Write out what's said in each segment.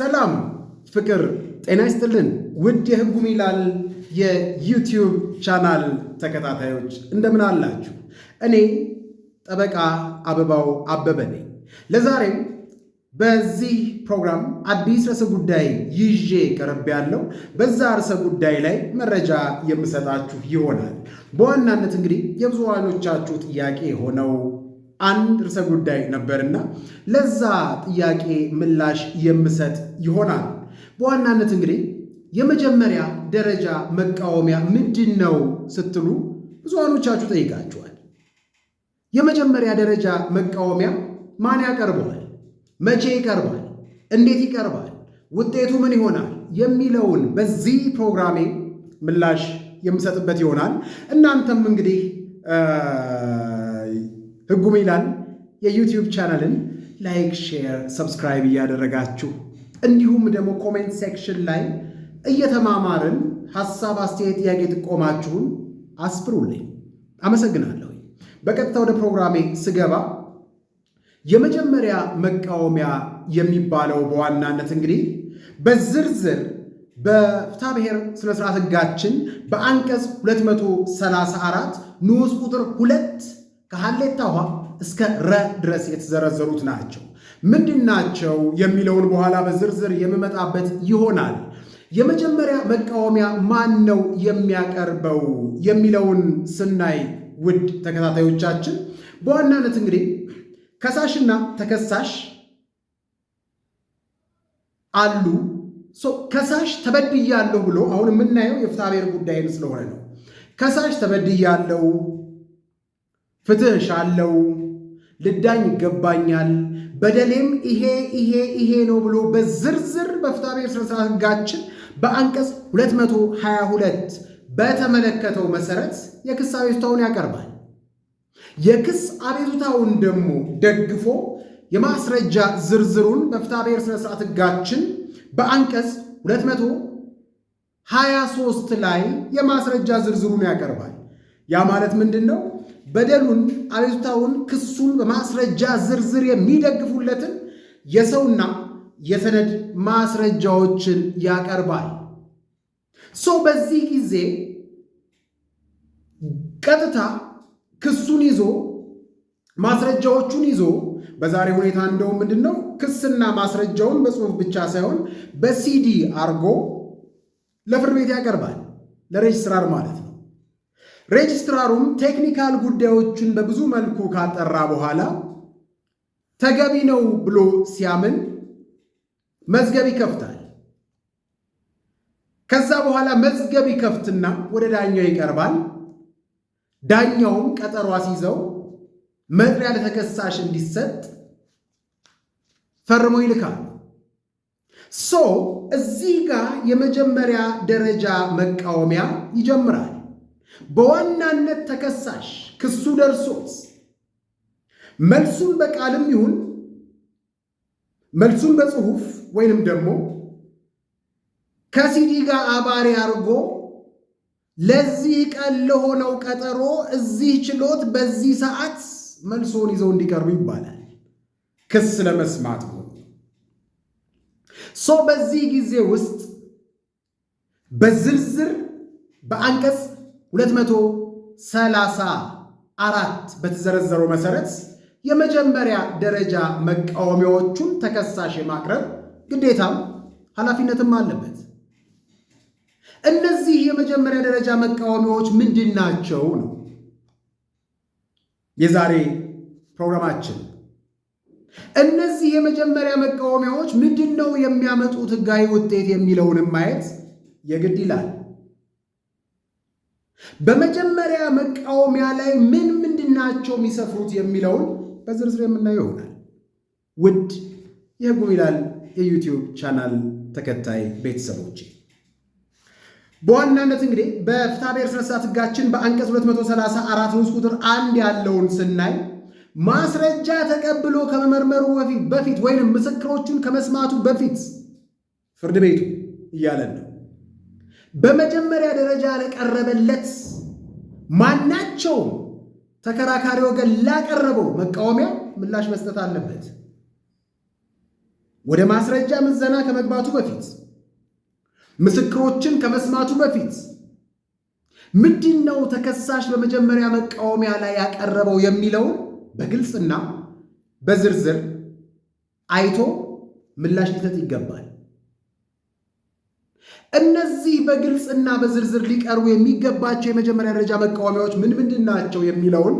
ሰላም፣ ፍቅር፣ ጤና ይስጥልን ውድ የህጉም ይላል የዩቲዩብ ቻናል ተከታታዮች እንደምን አላችሁ? እኔ ጠበቃ አበባው አበበ ነኝ። ለዛሬም በዚህ ፕሮግራም አዲስ ርዕሰ ጉዳይ ይዤ ቀረብ ያለው በዛ ርዕሰ ጉዳይ ላይ መረጃ የምሰጣችሁ ይሆናል። በዋናነት እንግዲህ የብዙዋኖቻችሁ ጥያቄ የሆነው አንድ ርዕሰ ጉዳይ ነበርና ለዛ ጥያቄ ምላሽ የምሰጥ ይሆናል። በዋናነት እንግዲህ የመጀመሪያ ደረጃ መቃወሚያ ምንድን ነው ስትሉ ብዙሃኖቻችሁ ጠይቃችኋል። የመጀመሪያ ደረጃ መቃወሚያ ማን ያቀርበዋል? መቼ ይቀርባል? እንዴት ይቀርባል? ውጤቱ ምን ይሆናል? የሚለውን በዚህ ፕሮግራሜ ምላሽ የምሰጥበት ይሆናል። እናንተም እንግዲህ ህጉም ይላል የዩቲዩብ ቻናልን ላይክ፣ ሼር፣ ሰብስክራይብ እያደረጋችሁ እንዲሁም ደግሞ ኮሜንት ሴክሽን ላይ እየተማማርን ሀሳብ፣ አስተያየት፣ ጥያቄ ጥቆማችሁን አስፍሩልኝ። አመሰግናለሁ። በቀጥታ ወደ ፕሮግራሜ ስገባ የመጀመሪያ መቃወሚያ የሚባለው በዋናነት እንግዲህ በዝርዝር በፍታ ስነ ስርዓት ህጋችን በአንቀጽ 234 ንዑስ ቁጥር ሁለት ከሀሌታ ውሃ እስከ ረ ድረስ የተዘረዘሩት ናቸው። ምንድን ናቸው የሚለውን በኋላ በዝርዝር የምመጣበት ይሆናል። የመጀመሪያ መቃወሚያ ማን ነው የሚያቀርበው የሚለውን ስናይ ውድ ተከታታዮቻችን በዋናነት እንግዲህ ከሳሽና ተከሳሽ አሉ። ከሳሽ ተበድያለሁ ብሎ አሁን የምናየው የፍትሐ ጉዳይን ስለሆነ ነው። ከሳሽ ተበድያለሁ ፍትህ ሻለው፣ ልዳኝ ይገባኛል፣ በደሌም ይሄ ይሄ ይሄ ነው ብሎ በዝርዝር በፍትሐብሔር ሥነ ሥርዓት ሕጋችን በአንቀጽ 222 በተመለከተው መሰረት የክስ አቤቱታውን ያቀርባል። የክስ አቤቱታውን ደግሞ ደግፎ የማስረጃ ዝርዝሩን በፍትሐብሔር ሥነ ሥርዓት ሕጋችን በአንቀጽ 223 ላይ የማስረጃ ዝርዝሩን ያቀርባል። ያ ማለት ምንድን ነው? በደሉን፣ አቤቱታውን፣ ክሱን በማስረጃ ዝርዝር የሚደግፉለትን የሰውና የሰነድ ማስረጃዎችን ያቀርባል። ሰው በዚህ ጊዜ ቀጥታ ክሱን ይዞ ማስረጃዎቹን ይዞ በዛሬ ሁኔታ እንደው ምንድን ነው ክስና ማስረጃውን በጽሁፍ ብቻ ሳይሆን በሲዲ አርጎ ለፍርድ ቤት ያቀርባል፣ ለሬጅስትራር ማለት ነው። ሬጅስትራሩም ቴክኒካል ጉዳዮችን በብዙ መልኩ ካጠራ በኋላ ተገቢ ነው ብሎ ሲያምን መዝገብ ይከፍታል። ከዛ በኋላ መዝገብ ይከፍትና ወደ ዳኛው ይቀርባል። ዳኛውም ቀጠሮ አስይዘው መጥሪያ ለተከሳሽ እንዲሰጥ ፈርሞ ይልካል። ሶ እዚህ ጋር የመጀመሪያ ደረጃ መቃወሚያ ይጀምራል። በዋናነት ተከሳሽ ክሱ ደርሶት መልሱን በቃልም ይሁን መልሱን በጽሁፍ ወይንም ደግሞ ከሲዲ ጋር አባሪ አድርጎ ለዚህ ቀን ለሆነው ቀጠሮ እዚህ ችሎት በዚህ ሰዓት መልሶን ይዘው እንዲቀርቡ ይባላል። ክስ ለመስማት ሰው በዚህ ጊዜ ውስጥ በዝርዝር በአንቀጽ 234 በተዘረዘረው መሰረት የመጀመሪያ ደረጃ መቃወሚያዎቹን ተከሳሽ የማቅረብ ግዴታም ኃላፊነትም አለበት። እነዚህ የመጀመሪያ ደረጃ መቃወሚያዎች ምንድን ናቸው ነው የዛሬ ፕሮግራማችን። እነዚህ የመጀመሪያ መቃወሚያዎች ምንድን ነው የሚያመጡት ህጋዊ ውጤት የሚለውንም ማየት የግድ ይላል። በመጀመሪያ መቃወሚያ ላይ ምን ምንድናቸው የሚሰፍሩት የሚለውን በዝርዝር የምናየው ይሆናል። ውድ የሕጉም ይላል የዩቲዩብ ቻናል ተከታይ ቤተሰቦች በዋናነት እንግዲህ በፍትሐብሔር ሥነ ህጋችን ሕጋችን በአንቀጽ 234 ንዑስ ቁጥር አንድ ያለውን ስናይ ማስረጃ ተቀብሎ ከመመርመሩ በፊት ወይንም ምስክሮቹን ከመስማቱ በፊት ፍርድ ቤቱ እያለን ነው በመጀመሪያ ደረጃ ለቀረበለት ማናቸውም ተከራካሪ ወገን ላቀረበው መቃወሚያ ምላሽ መስጠት አለበት። ወደ ማስረጃ ምዘና ከመግባቱ በፊት ምስክሮችን ከመስማቱ በፊት ምንድን ነው ተከሳሽ በመጀመሪያ መቃወሚያ ላይ ያቀረበው የሚለውን በግልጽና በዝርዝር አይቶ ምላሽ ሊሰጥ ይገባል። እነዚህ በግልጽ እና በዝርዝር ሊቀርቡ የሚገባቸው የመጀመሪያ ደረጃ መቃወሚያዎች ምን ምንድን ናቸው የሚለውን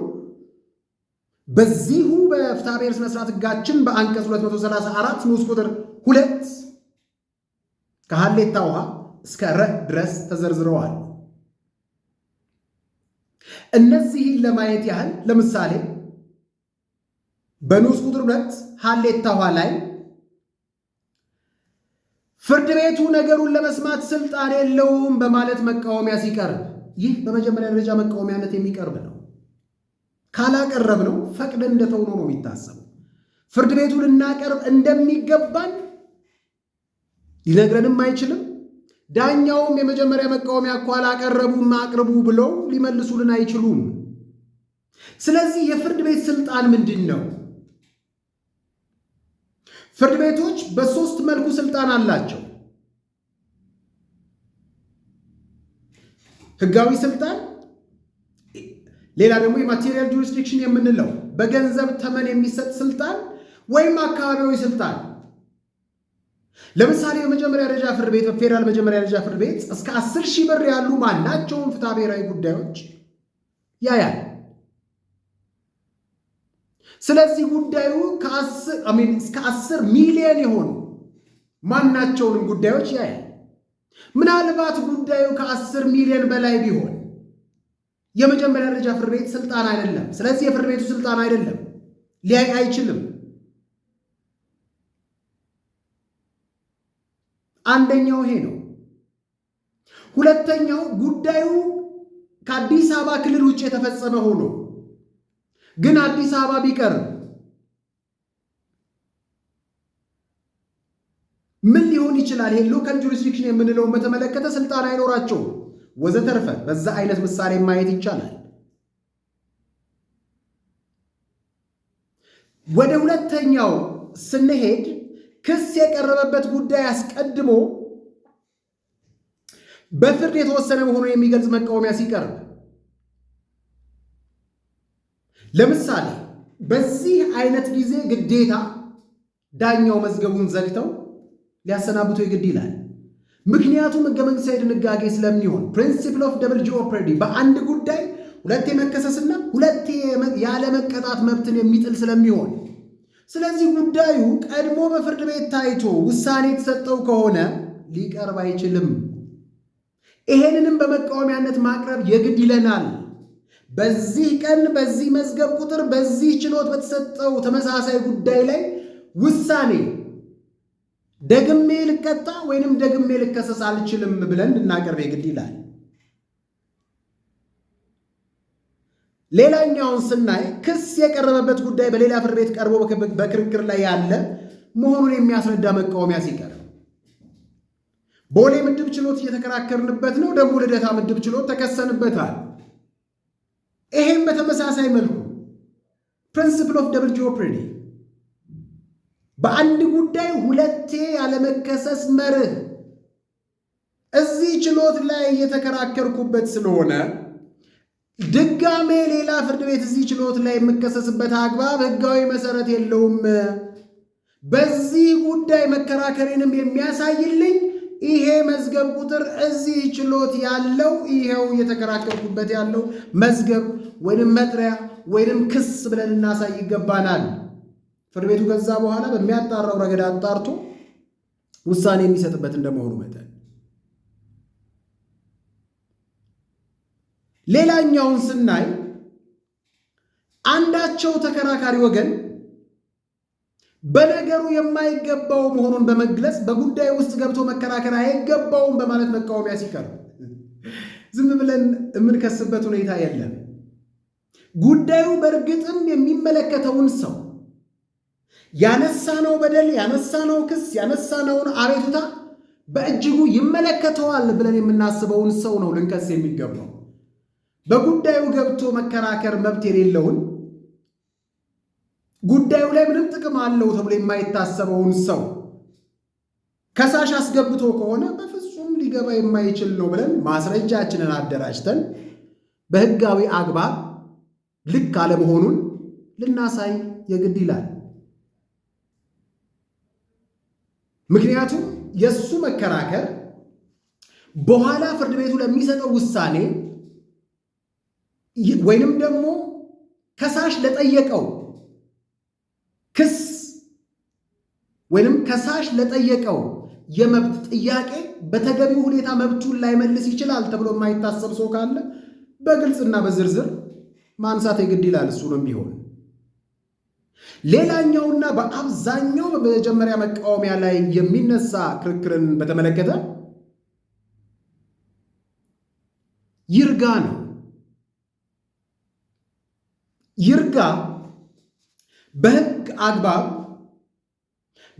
በዚሁ በፍትሐብሔር ስነስርዓት ህጋችን በአንቀጽ 234 ንዑስ ቁጥር ሁለት ከሀሌታ ውሃ እስከ ረ ድረስ ተዘርዝረዋል። እነዚህን ለማየት ያህል ለምሳሌ በንዑስ ቁጥር ሁለት ሀሌታ ውሃ ላይ ፍርድ ቤቱ ነገሩን ለመስማት ስልጣን የለውም በማለት መቃወሚያ ሲቀርብ ይህ በመጀመሪያ ደረጃ መቃወሚያነት የሚቀርብ ነው። ካላቀረብ ነው ፈቅደ እንደተውኖ ነው የሚታሰበው። ፍርድ ቤቱ ልናቀርብ እንደሚገባን ሊነግረንም አይችልም። ዳኛውም የመጀመሪያ መቃወሚያ እኮ አላቀረቡም አቅርቡ ብለው ሊመልሱልን አይችሉም። ስለዚህ የፍርድ ቤት ስልጣን ምንድን ነው? ፍርድ ቤቶች በሶስት መልኩ ስልጣን አላቸው። ህጋዊ ስልጣን፣ ሌላ ደግሞ የማቴሪያል ጁሪስዲክሽን የምንለው በገንዘብ ተመን የሚሰጥ ስልጣን ወይም አካባቢያዊ ስልጣን። ለምሳሌ የመጀመሪያ ደረጃ ፍርድ ቤት በፌዴራል መጀመሪያ ደረጃ ፍርድ ቤት እስከ አስር ሺህ ብር ያሉ ማናቸውን ፍትሐ ብሔራዊ ጉዳዮች ያያል። ስለዚህ ጉዳዩ እስከ አስር ሚሊየን የሆኑ ማናቸውንም ጉዳዮች ያያል። ምናልባት ጉዳዩ ከአስር ሚሊዮን በላይ ቢሆን የመጀመሪያ ደረጃ ፍርድ ቤት ስልጣን አይደለም። ስለዚህ የፍርድ ቤቱ ስልጣን አይደለም፣ ሊያይ አይችልም። አንደኛው ይሄ ነው። ሁለተኛው ጉዳዩ ከአዲስ አበባ ክልል ውጭ የተፈጸመ ሆኖ ግን አዲስ አበባ ቢቀር ምን ሊሆን ይችላል? ይሄ ሎካል ጁሪስዲክሽን የምንለውን በተመለከተ ስልጣን አይኖራቸው ወዘተርፈ በዛ አይነት ምሳሌ ማየት ይቻላል። ወደ ሁለተኛው ስንሄድ ክስ የቀረበበት ጉዳይ አስቀድሞ በፍርድ የተወሰነ መሆኑን የሚገልጽ መቃወሚያ ሲቀርብ ለምሳሌ በዚህ አይነት ጊዜ ግዴታ ዳኛው መዝገቡን ዘግተው ሊያሰናብቶ ይግድ ይላል። ምክንያቱም ህገ መንግስታዊ ድንጋጌ ስለሚሆን ፕሪንሲፕል ኦፍ ደብል ጂኦፐርዲ በአንድ ጉዳይ ሁለት የመከሰስና ሁለት ያለመቀጣት መብትን የሚጥል ስለሚሆን፣ ስለዚህ ጉዳዩ ቀድሞ በፍርድ ቤት ታይቶ ውሳኔ የተሰጠው ከሆነ ሊቀርብ አይችልም። ይሄንንም በመቃወሚያነት ማቅረብ የግድ ይለናል። በዚህ ቀን በዚህ መዝገብ ቁጥር በዚህ ችሎት በተሰጠው ተመሳሳይ ጉዳይ ላይ ውሳኔ ደግሜ ልቀጣ ወይንም ደግሜ ልከሰስ አልችልም ብለን እናቀርብ የግድ ይላል። ሌላኛውን ስናይ ክስ የቀረበበት ጉዳይ በሌላ ፍርድ ቤት ቀርቦ በክርክር ላይ ያለ መሆኑን የሚያስረዳ መቃወሚያ ሲቀርብ ቦሌ ምድብ ችሎት እየተከራከርንበት ነው፣ ደግሞ ልደታ ምድብ ችሎት ተከሰንበታል። ይሄም በተመሳሳይ መልኩ ፕሪንስፕል ኦፍ ደብል ጂኦፕሬዲ በአንድ ጉዳይ ሁለቴ ያለመከሰስ መርህ እዚህ ችሎት ላይ እየተከራከርኩበት ስለሆነ ድጋሜ ሌላ ፍርድ ቤት እዚህ ችሎት ላይ የምከሰስበት አግባብ ህጋዊ መሰረት የለውም። በዚህ ጉዳይ መከራከሬንም የሚያሳይልኝ ይሄ መዝገብ ቁጥር እዚህ ችሎት ያለው ይሄው እየተከራከርኩበት ያለው መዝገብ ወይንም መጥሪያ ወይንም ክስ ብለን እናሳይ ይገባናል። ፍርድ ቤቱ ከዛ በኋላ በሚያጣራው ረገድ አጣርቶ ውሳኔ የሚሰጥበት እንደመሆኑ መጠን ሌላኛውን ስናይ አንዳቸው ተከራካሪ ወገን በነገሩ የማይገባው መሆኑን በመግለጽ በጉዳይ ውስጥ ገብቶ መከራከር አይገባውም በማለት መቃወሚያ ሲቀርብ ዝም ብለን የምንከስበት ሁኔታ የለም። ጉዳዩ በእርግጥም የሚመለከተውን ሰው ያነሳነው በደል፣ ያነሳነው ክስ፣ ያነሳነውን አቤቱታ በእጅጉ ይመለከተዋል ብለን የምናስበውን ሰው ነው ልንከስ የሚገባው። በጉዳዩ ገብቶ መከራከር መብት የሌለውን ጉዳዩ ላይ ምንም ጥቅም አለው ተብሎ የማይታሰበውን ሰው ከሳሽ አስገብቶ ከሆነ በፍጹም ሊገባ የማይችል ነው ብለን ማስረጃችንን አደራጅተን በህጋዊ አግባብ ልክ አለመሆኑን ልናሳይ የግድ ይላል። ምክንያቱም የእሱ መከራከር በኋላ ፍርድ ቤቱ ለሚሰጠው ውሳኔ ወይንም ደግሞ ከሳሽ ለጠየቀው ክስ ወይንም ከሳሽ ለጠየቀው የመብት ጥያቄ በተገቢው ሁኔታ መብቱን ላይመልስ ይችላል ተብሎ የማይታሰብ ሰው ካለ በግልጽና በዝርዝር ማንሳት የግድ ይላል። እሱንም ቢሆን ሌላኛውና በአብዛኛው በመጀመሪያ መቃወሚያ ላይ የሚነሳ ክርክርን በተመለከተ ይርጋ ነው። ይርጋ በህግ አግባብ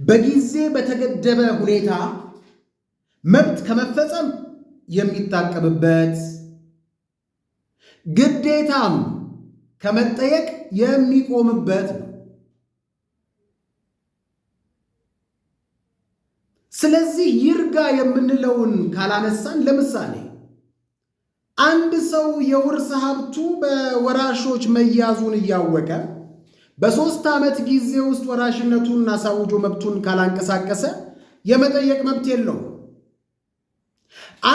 በጊዜ በተገደበ ሁኔታ መብት ከመፈጸም የሚታቀብበት ግዴታም ከመጠየቅ የሚቆምበት ነው። ስለዚህ ይርጋ የምንለውን ካላነሳን ለምሳሌ አንድ ሰው የውርስ ሀብቱ በወራሾች መያዙን እያወቀ በሶስት ዓመት ጊዜ ውስጥ ወራሽነቱን አሳውጆ መብቱን ካላንቀሳቀሰ የመጠየቅ መብት የለው።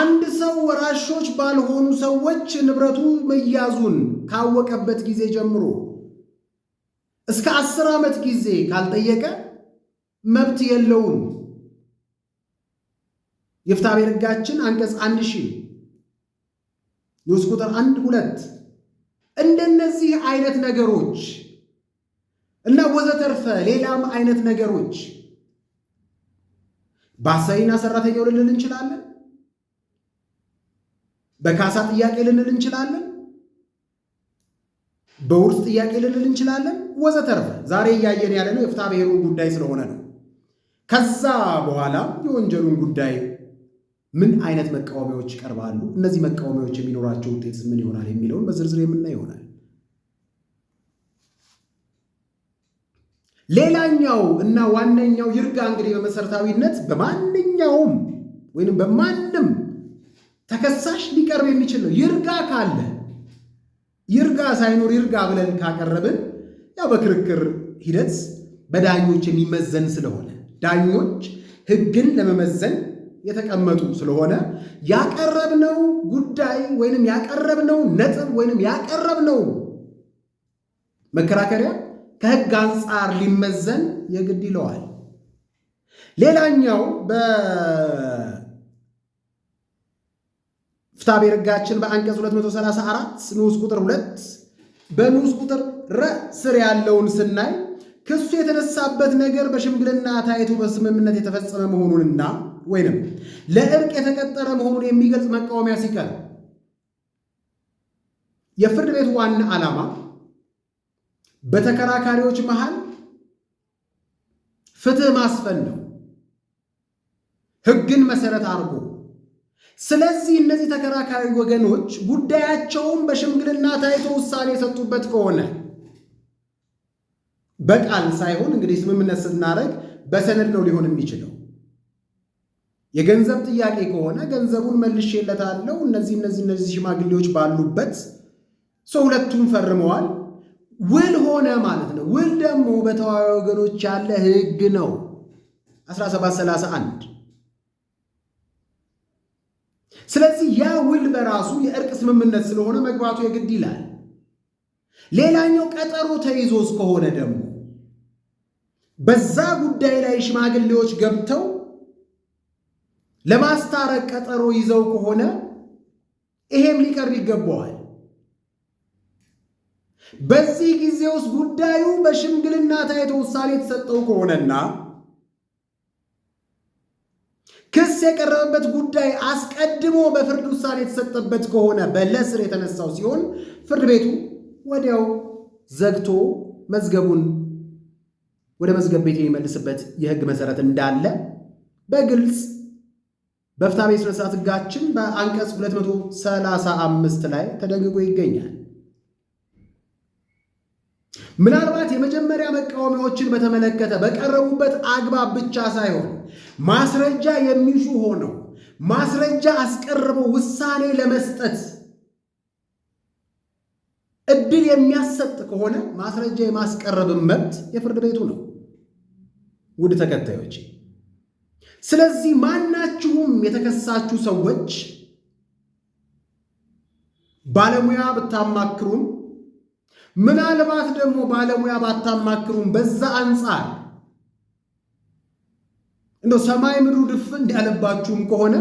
አንድ ሰው ወራሾች ባልሆኑ ሰዎች ንብረቱ መያዙን ካወቀበት ጊዜ ጀምሮ እስከ አስር ዓመት ጊዜ ካልጠየቀ መብት የለውም። የፍትሐብሔር ሕጋችን አንቀጽ አንድ ሺህ ንዑስ ቁጥር አንድ ሁለት እንደነዚህ አይነት ነገሮች እና ወዘተርፈ ሌላም አይነት ነገሮች በአሳይና ሰራተኛው ልንል እንችላለን። በካሳ ጥያቄ ልንል እንችላለን። በውርስ ጥያቄ ልንል እንችላለን። ወዘተርፈ ዛሬ እያየን ያለ ነው የፍትሐ ብሔሩን ጉዳይ ስለሆነ ነው። ከዛ በኋላ የወንጀሉን ጉዳይ ምን አይነት መቃወሚያዎች ይቀርባሉ፣ እነዚህ መቃወሚያዎች የሚኖራቸው ውጤት ምን ይሆናል የሚለውን በዝርዝር የምናይ ይሆናል። ሌላኛው እና ዋነኛው ይርጋ እንግዲህ በመሰረታዊነት በማንኛውም ወይም በማንም ተከሳሽ ሊቀርብ የሚችል ነው። ይርጋ ካለ ይርጋ ሳይኖር ይርጋ ብለን ካቀረብን ያው በክርክር ሂደት በዳኞች የሚመዘን ስለሆነ ዳኞች ሕግን ለመመዘን የተቀመጡ ስለሆነ ያቀረብነው ጉዳይ ወይንም ያቀረብነው ነጥብ ወይንም ያቀረብነው መከራከሪያ ከህግ አንጻር ሊመዘን የግድ ይለዋል። ሌላኛው በፍትሐብሔር ሕጋችን በአንቀጽ 234 ንዑስ ቁጥር 2 በንዑስ ቁጥር ረ ስር ያለውን ስናይ ክሱ የተነሳበት ነገር በሽምግልና ታይቶ በስምምነት የተፈጸመ መሆኑንና ወይንም ለእርቅ የተቀጠረ መሆኑን የሚገልጽ መቃወሚያ ሲቀር የፍርድ ቤቱ ዋና ዓላማ በተከራካሪዎች መሃል ፍትህ ማስፈን ነው፣ ህግን መሰረት አድርጎ። ስለዚህ እነዚህ ተከራካሪ ወገኖች ጉዳያቸውን በሽምግልና ታይቶ ውሳኔ የሰጡበት ከሆነ በቃል ሳይሆን እንግዲህ ስምምነት ስናደርግ በሰነድ ነው ሊሆን የሚችለው። የገንዘብ ጥያቄ ከሆነ ገንዘቡን መልሼለታለሁ እነዚህ እነዚህ እነዚህ ሽማግሌዎች ባሉበት ሰው ሁለቱም ፈርመዋል ውል ሆነ ማለት ነው። ውል ደግሞ በተዋዊ ወገኖች ያለ ህግ ነው። 1731 ስለዚህ ያ ውል በራሱ የእርቅ ስምምነት ስለሆነ መግባቱ የግድ ይላል። ሌላኛው ቀጠሮ ተይዞ እስከሆነ ደግሞ በዛ ጉዳይ ላይ ሽማግሌዎች ገብተው ለማስታረቅ ቀጠሮ ይዘው ከሆነ ይሄም ሊቀርብ ይገባዋል። በዚህ ጊዜ ውስጥ ጉዳዩ በሽምግልና ታይቶ ውሳኔ የተሰጠው ከሆነና ክስ የቀረበበት ጉዳይ አስቀድሞ በፍርድ ውሳኔ የተሰጠበት ከሆነ በለስር የተነሳው ሲሆን ፍርድ ቤቱ ወዲያው ዘግቶ መዝገቡን ወደ መዝገብ ቤት የሚመልስበት የህግ መሰረት እንዳለ በግልጽ በፍትሐ ብሔር ህጋችን ሥርዓት ሕጋችን በአንቀጽ 235 ላይ ተደንግጎ ይገኛል። ምናልባት የመጀመሪያ መቃወሚያዎችን በተመለከተ በቀረቡበት አግባብ ብቻ ሳይሆን ማስረጃ የሚሹ ሆነው ማስረጃ አስቀርበው ውሳኔ ለመስጠት እድል የሚያሰጥ ከሆነ ማስረጃ የማስቀረብን መብት የፍርድ ቤቱ ነው። ውድ ተከታዮች፣ ስለዚህ ማናችሁም የተከሳችሁ ሰዎች ባለሙያ ብታማክሩም ምናልባት ደግሞ ባለሙያ ባታማክሩም በዛ አንጻር እንደ ሰማይ ምድሩ ድፍ እንዲያለባችሁም ከሆነ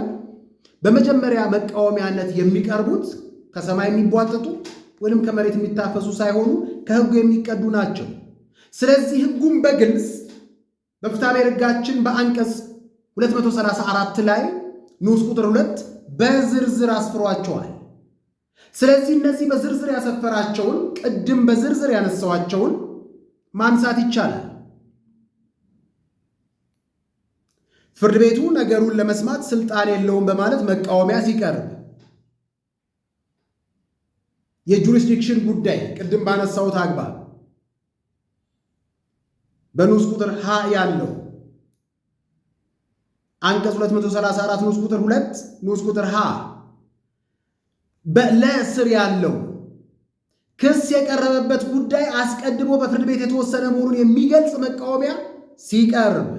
በመጀመሪያ መቃወሚያነት የሚቀርቡት ከሰማይ የሚቧጠጡ ወይም ከመሬት የሚታፈሱ ሳይሆኑ ከሕጉ የሚቀዱ ናቸው። ስለዚህ ሕጉም በግልጽ በፍትሐብሔር ሕጋችን በአንቀጽ 234 ላይ ንዑስ ቁጥር 2 በዝርዝር አስፍሯቸዋል። ስለዚህ እነዚህ በዝርዝር ያሰፈራቸውን ቅድም በዝርዝር ያነሳዋቸውን ማንሳት ይቻላል። ፍርድ ቤቱ ነገሩን ለመስማት ስልጣን የለውም በማለት መቃወሚያ ሲቀርብ የጁሪስዲክሽን ጉዳይ ቅድም ባነሳሁት አግባብ በንዑስ ቁጥር ሀ ያለው አንቀጽ 234 ንዑስ ቁጥር 2 ንዑስ ቁጥር ሀ ለስር ያለው ክስ የቀረበበት ጉዳይ አስቀድሞ በፍርድ ቤት የተወሰነ መሆኑን የሚገልጽ መቃወሚያ ሲቀርብ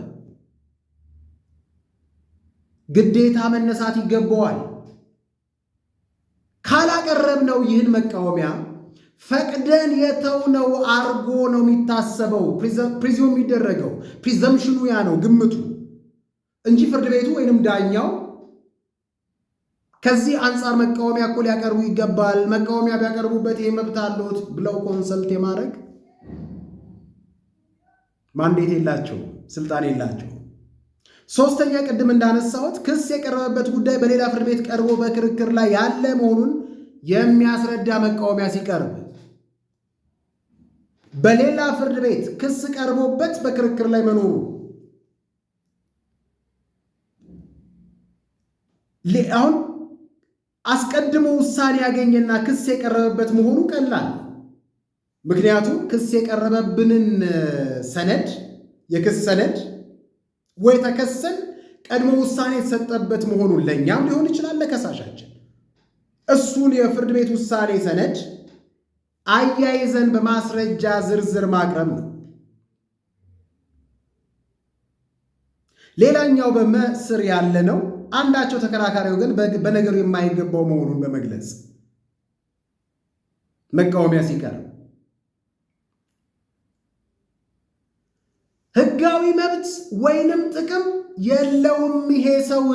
ግዴታ መነሳት ይገባዋል። ካላቀረብነው ይህን መቃወሚያ ፈቅደን የተውነው አርጎ ነው የሚታሰበው። ፕሪዚም የሚደረገው ፕሪዘምሽኑ ያ ነው ግምቱ እንጂ ፍርድ ቤቱ ወይንም ዳኛው ከዚህ አንጻር መቃወሚያ እኮ ሊያቀርቡ ይገባል። መቃወሚያ ቢያቀርቡበት ይሄ መብት አለዎት ብለው ኮንሰልት የማድረግ ማንዴት የላቸው፣ ስልጣን የላቸው። ሶስተኛ፣ ቅድም እንዳነሳሁት ክስ የቀረበበት ጉዳይ በሌላ ፍርድ ቤት ቀርቦ በክርክር ላይ ያለ መሆኑን የሚያስረዳ መቃወሚያ ሲቀርብ በሌላ ፍርድ ቤት ክስ ቀርቦበት በክርክር ላይ መኖሩ አሁን አስቀድሞ ውሳኔ ያገኘና ክስ የቀረበበት መሆኑ ቀላል። ምክንያቱም ክስ የቀረበብንን ሰነድ የክስ ሰነድ ወይ ተከሰን ቀድሞ ውሳኔ የተሰጠበት መሆኑን ለእኛም ሊሆን ይችላል ለከሳሻችን እሱን የፍርድ ቤት ውሳኔ ሰነድ አያይዘን በማስረጃ ዝርዝር ማቅረብ ነው። ሌላኛው በመስር ያለ ነው አንዳቸው ተከራካሪው ግን በነገሩ የማይገባው መሆኑን በመግለጽ መቃወሚያ ሲቀርብ ህጋዊ መብት ወይንም ጥቅም የለውም ይሄ ሰው